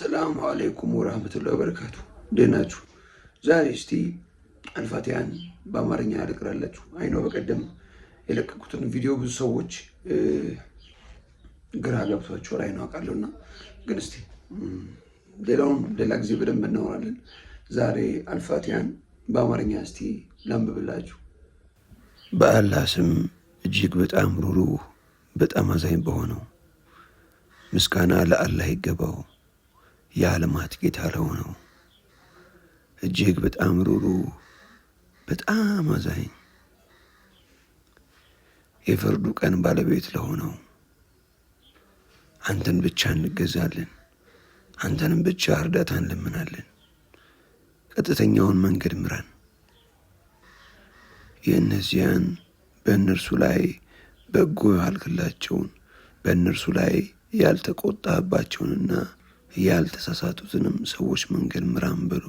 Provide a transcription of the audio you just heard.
ሰላም አለይኩም ወራህመቱላሂ ወበረካቱ። እንዴት ናችሁ? ዛሬ እስቲ አልፋቲያን በአማርኛ ልቅራላችሁ። አይኖ በቀደም የለቀቁትን ቪዲዮ ብዙ ሰዎች ግራ ገብቷቸው ላይ ነው እና ግን እስቲ ሌላውን ሌላ ጊዜ በደንብ እናወራለን። ዛሬ አልፋቲያን በአማርኛ እስቲ ላንብብላችሁ። በአላህ ስም እጅግ በጣም ሩሩ በጣም አዛኝ በሆነው ምስጋና ለአላህ ይገባው የዓለማት ጌታ ለሆነው እጅግ በጣም ሩሩ በጣም አዛኝ የፍርዱ ቀን ባለቤት ለሆነው አንተን ብቻ እንገዛለን፣ አንተንም ብቻ እርዳታ እንለምናለን። ቀጥተኛውን መንገድ ምራን። የእነዚያን በእነርሱ ላይ በጎ ያልክላቸውን በእነርሱ ላይ ያልተቆጣባቸውንና ያልተሳሳቱትንም ሰዎች መንገድ ምራን ብሎ